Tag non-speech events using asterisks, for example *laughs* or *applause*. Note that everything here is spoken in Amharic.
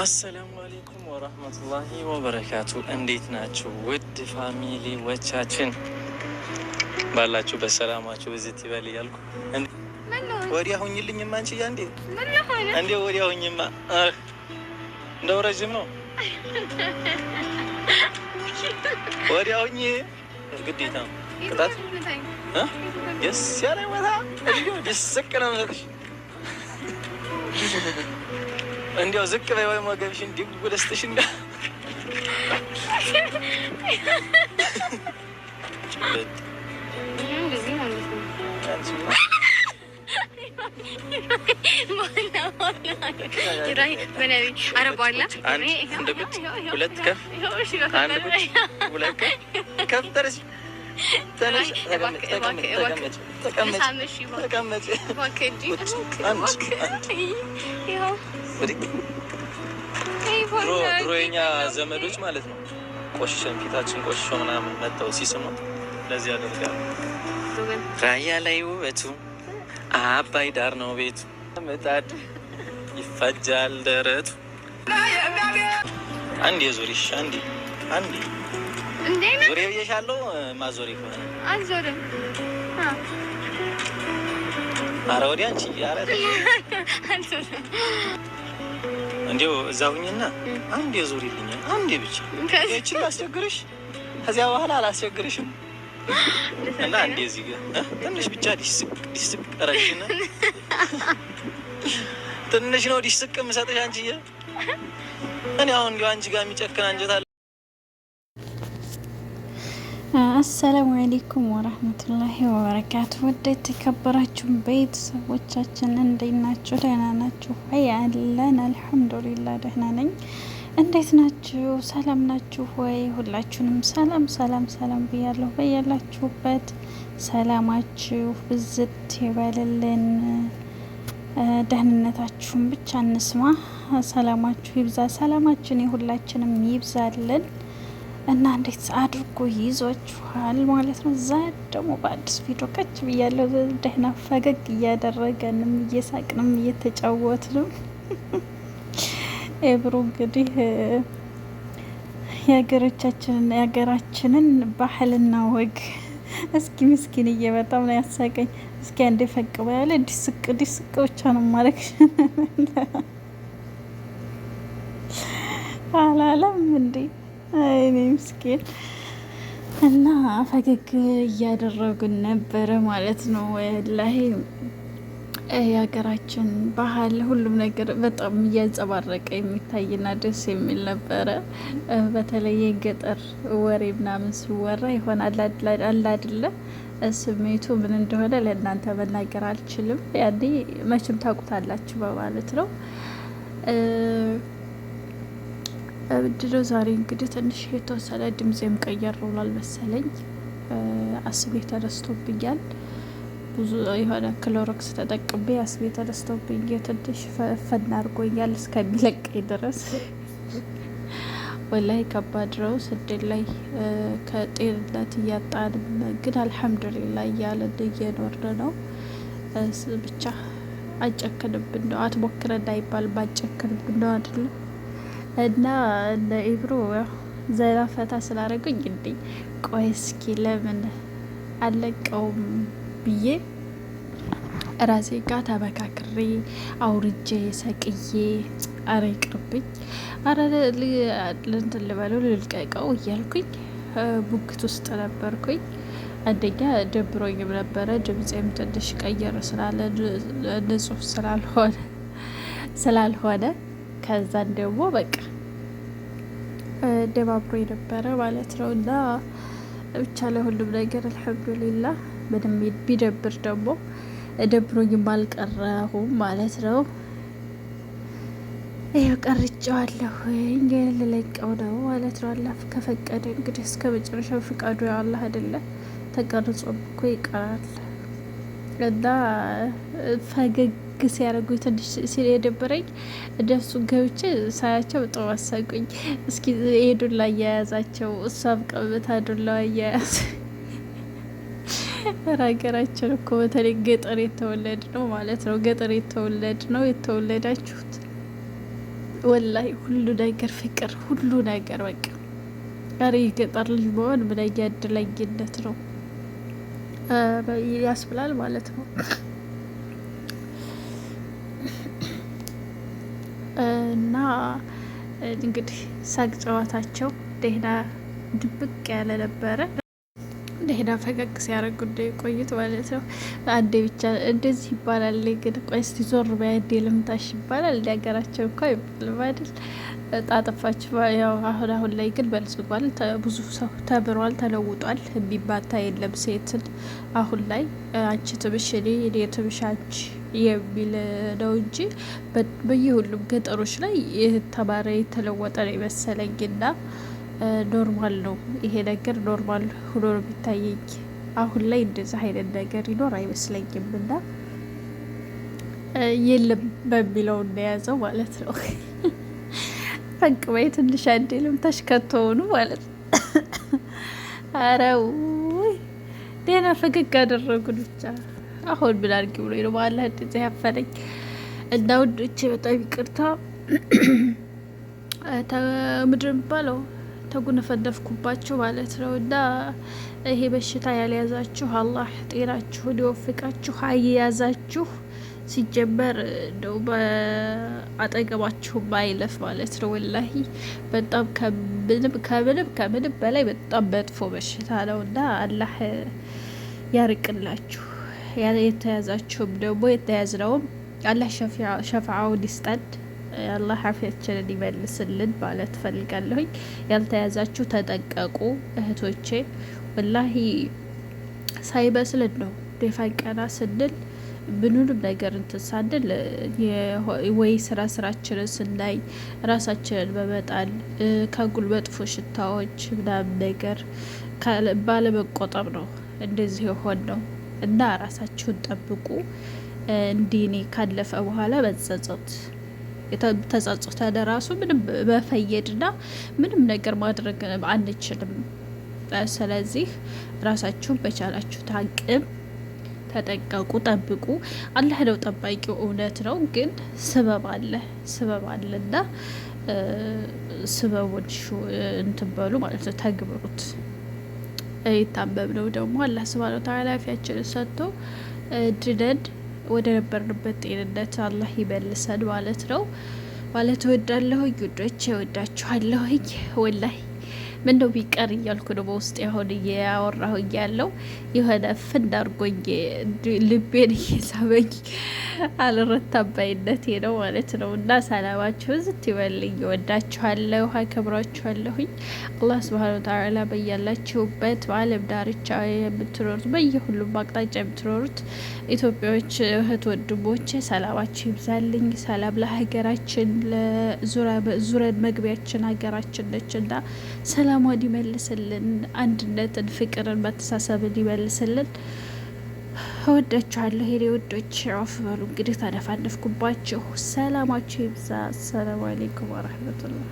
አሰላሙ አሌይኩም ወረህመቱላሂ ወበረካቱ። እንዴት ናችሁ ውድ ፋሚሊዎቻችን? ባላችሁ በሰላማችሁ ብዝት ይበል እያልኩ ወዲያ ሁኝልኝ ማ አንቺዬ፣ እንዴ እንዴ፣ ወዲያ ሁኝማ። እንደው ረዥም ነው ወዲያ ሁኝ። ግዴታ ነው ቅጣት ደስ ያለ ቦታ ደስ ቅነምሰጥሽ እንዲያው ዝቅ በይ ወይም ወገብሽ እንዲ ጉደስትሽ እንዲ ሁለት ተቀመጭ ተቀመጭ ድሮ የኛ ዘመዶች ማለት ነው ቆሽሸን ፊታችን ቆሽሾ ምናምን መጠው ሲስሙ ለዚህ ያደርጋሉ። ራያ ላይ ውበቱ አባይ ዳር ነው ቤቱ፣ ምጣድ ይፈጃል ደረቱ። አንዴ ዙሪሽ አንዴ አንዴ ዙሪ ብዬሻለሁ። ማዞሪ ከሆነ አልዞርም። ኧረ ወዲያ አንቺ እንዲው እዛ ሁኝና አንድ የዙር ዙሪልኝ፣ አንድ ብቻ ይችን ላስቸግርሽ፣ ከዚያ በኋላ አላስቸግርሽም። እና አንዴ እዚህ ጋር ትንሽ ብቻ ዲስቅ ዲስቅ ቀረሽና ትንሽ ነው ዲስቅ የምሰጥሽ አንቺዬ። እኔ አሁን እንዲሁ አንቺ ጋር የሚጨክን አንጀት አለ። አሰላሙ አሌይኩም ወረህመቱላሂ ወበረካቱ። ወደ የተከበራችሁ ቤተሰቦቻችን እንዴት ናችሁ? ደህና ናችሁ? ሀይ አለን። አልሐምዱሊላ ደህና ነኝ። እንዴት ናችሁ? ሰላም ናችሁ ወይ? ሁላችሁንም ሰላም ሰላም ሰላም ብያለሁ። በያላችሁበት ሰላማችሁ ብዝት ይበልልን። ደህንነታችሁን ብቻ እንስማ። ሰላማችሁ ይብዛ። ሰላማችን የሁላችንም ይብዛልን። እና እንዴት አድርጎ ይዟችኋል ማለት ነው። እዛ ደግሞ በአዲስ ቪዲዮ ከች ብያለሁ። ደህና ፈገግ እያደረገንም እየሳቅንም እየተጫወትንም ኤብሩ እንግዲህ የሀገሮቻችንን የሀገራችንን ባህልና ወግ እስኪ ምስኪን እየበጣም ነው ያሳቀኝ። እስኪ አንዴ ፈቅ በያለ ዲስቅ ዲስቅ ብቻ ነው ማድረግ አላለም እንዴ አይኔ ምስኪን እና ፈገግ እያደረጉን ነበረ ማለት ነው። ወላሂ የሀገራችን ባህል ሁሉም ነገር በጣም እያንጸባረቀ የሚታይና ደስ የሚል ነበረ። በተለይ የገጠር ወሬ ምናምን ሲወራ ይሆን አላድለ ስሜቱ ምን እንደሆነ ለእናንተ መናገር አልችልም። ያኔ መቼም ታውቁታላችሁ በማለት ነው ብድለው ዛሬ እንግዲህ ትንሽ የተወሰነ ድምፄም ቀየር ብሏል መሰለኝ። አስቤ ተነስቶብኛል። ብዙ የሆነ ክሎሮክስ ተጠቅቤ አስቤ ተነስቶብኝ ትንሽ ፈና አድርጎኛል እስከሚለቀኝ ድረስ። ወላይ ከባድ ነው ስደት ላይ ከጤንነት እያጣንም ግን አልሐምዱሊላ እያለን እየኖርን ነው። ብቻ አጨክንብን ነው አትሞክረን አይባልም፣ አጨክንብን ነው አይደለም እና ለኢብሮ ዘና ፈታ ስላደረጉኝ እንዴ ቆይ እስኪ ለምን አለቀውም ብዬ ራሴ ጋር ተመካክሬ አውርጄ ሰቅዬ አረ ይቅርብኝ፣ አረ እንትን ልበለው ልልቀቀው እያልኩኝ ቡክት ውስጥ ነበርኩኝ። አንደኛ ደብሮኝም ነበረ፣ ድምፄም ትንሽ ቀየር ስላለ ንጹህ ስላልሆነ ከዛን ደግሞ በቃ ደባብሮ የነበረ ማለት ነው እና ብቻ ለሁሉም ነገር አልሐምዱሊላ ምንም ቢደብር ደግሞ ደብሮኝም አልቀረሁም ማለት ነው። ይኸው ቀርጫዋለሁኝ ልለቀው ነው ማለት ነው። አላህ ከፈቀደ እንግዲህ እስከ መጨረሻው ፍቃዱ አላህ አይደለ ተቀርጾም እኮ ይቀራል እና ፈገግ ግስ ያደረጉ ትንሽ ሲል የደበረኝ ደሱ ገብቼ ሳያቸው በጣም አሳቁኝ። እስኪ የዱላ አያያዛቸው እሷም ቀብታ ዱላ አያያዝ *laughs* ሀገራችን እኮ በተለይ ገጠር የተወለድ ነው ማለት ነው። ገጠር የተወለድ ነው የተወለዳችሁት ወላይ ሁሉ ነገር ፍቅር፣ ሁሉ ነገር በቃ ኧረ ገጠር ልጅ መሆን ምን ያድለኝነት ነው ያስብላል ማለት ነው። እና እንግዲህ ሳቅ ጨዋታቸው ደህና ድብቅ ያለ ነበረ። ደህና ፈገግ ሲያደርግ እንደ ቆይት ማለት ነው። አንዴ ብቻ እንደዚህ ይባላል። ግን ቆይ እስቲ ዞር በይ አንዴ ልምታሽ ይባላል። እንደ ሀገራቸው እኮ አይባልም አይደል? ጣጠፋች። ያው አሁን አሁን ላይ ግን በልጽጓል። ብዙ ሰው ተብሯል፣ ተለውጧል። የሚባታ የለም ሴትን አሁን ላይ አንቺ ትብሽ እኔ እኔ ትብሽ አንቺ የሚለው እንጂ በየሁሉም ገጠሮች ላይ ተባረ የተለወጠ ነው ና ኖርማል ነው ይሄ ነገር ኖርማል ሆኖ ነው የሚታየኝ። አሁን ላይ እንደዚህ አይነት ነገር ይኖር አይመስለኝም ና የለም በሚለው እንደያዘው ማለት ነው። *laughs* ፈቅበይ ትንሽ አንዴልም ሆኑ ማለት ነው። *coughs* አረው ደህና ፈገግ አደረጉን ብቻ አሁን ምን አድርጊ ብሎ ነው በኋላ እንደዚ ያፈለኝ እና ውዶቼ በጣም ይቅርታ *clears throat* ምድር የሚባለው ተጉነፈደፍኩባችሁ ማለት ነው። እና ይሄ በሽታ ያልያዛችሁ አላህ ጤናችሁን ይወፍቃችሁ። አያያዛችሁ ሲጀመር እንደው በአጠገባችሁም አይለፍ ማለት ነው። ወላሂ በጣም ከምንም ከምንም ከምንም በላይ በጣም መጥፎ በሽታ ነው እና አላህ ያርቅላችሁ። የተያዛችሁም ደግሞ የተያዝነውም አላህ ሸፍዓውን ይስጠን። አላህ አፊያችንን ይመልስልን ማለት ፈልጋለሁኝ። ያልተያዛችሁ ተጠንቀቁ እህቶቼ። ወላሂ ሳይመስልን ነው ደፋ ቀና ስንል ምኑንም ነገር እንትን ሳንል ወይ ስራ ስራችንን ስናይ ራሳችንን በመጣል ከጉል መጥፎ ሽታዎች ምናምን ነገር ባለመቆጠብ ነው እንደዚህ የሆን ነው። እና ራሳችሁን ጠብቁ። እንዲኔ ካለፈ በኋላ በጸጸት ተጸጽተ ለራሱ ምንም መፈየድና ምንም ነገር ማድረግ አንችልም። ስለዚህ ራሳችሁን በቻላችሁ ታቅም ተጠቀቁ፣ ጠብቁ። አላህ ነው ጠባቂው። እውነት ነው፣ ግን ስበብ አለ ስበብ አለና ስበቡን እንትን በሉ ማለት ነው፣ ተግብሩት። የታመምነው ደግሞ አላህ ስብሃነ ወተዓላ አፊያችንን ሰጥቶ ድነን ወደ ነበርንበት ጤንነት አላህ ይመልሰን ማለት ነው ማለት እወዳለሁኝ። ውዶች እወዳችኋለሁኝ ወላሂ ምንደው ቢቀር እያልኩ ነው በውስጥ ያሁን እያወራሁ እያለው የሆነ ፍንድ አርጎኝ ልቤን እየሳበኝ አልረታ ነው ማለት ነው። እና ሰላማችሁ ዝት ይበልኝ። እወዳችኋለሁ፣ አከብራችኋለሁኝ። አላህ ስብሃነ ወተዓላ በያላችሁበት በአለም ዳርቻ የምትኖሩት በየሁሉም አቅጣጫ የምትኖሩት ኢትዮጵያዎች እህት ወንድሞቼ ሰላማችሁ ይብዛልኝ። ሰላም ለሀገራችን ለዙረን መግቢያችን ሀገራችን ነች እና ሰላሟን ይመልስልን፣ አንድነትን፣ ፍቅርን፣ መተሳሰብን ይመልስልን። እወዳችኋለሁ የኔ ውዶች። አፍ በሉ እንግዲህ ታነፋነፍኩባችሁ። ሰላማችሁ ይብዛ። አሰላሙ አሌይኩም ወረህመቱላህ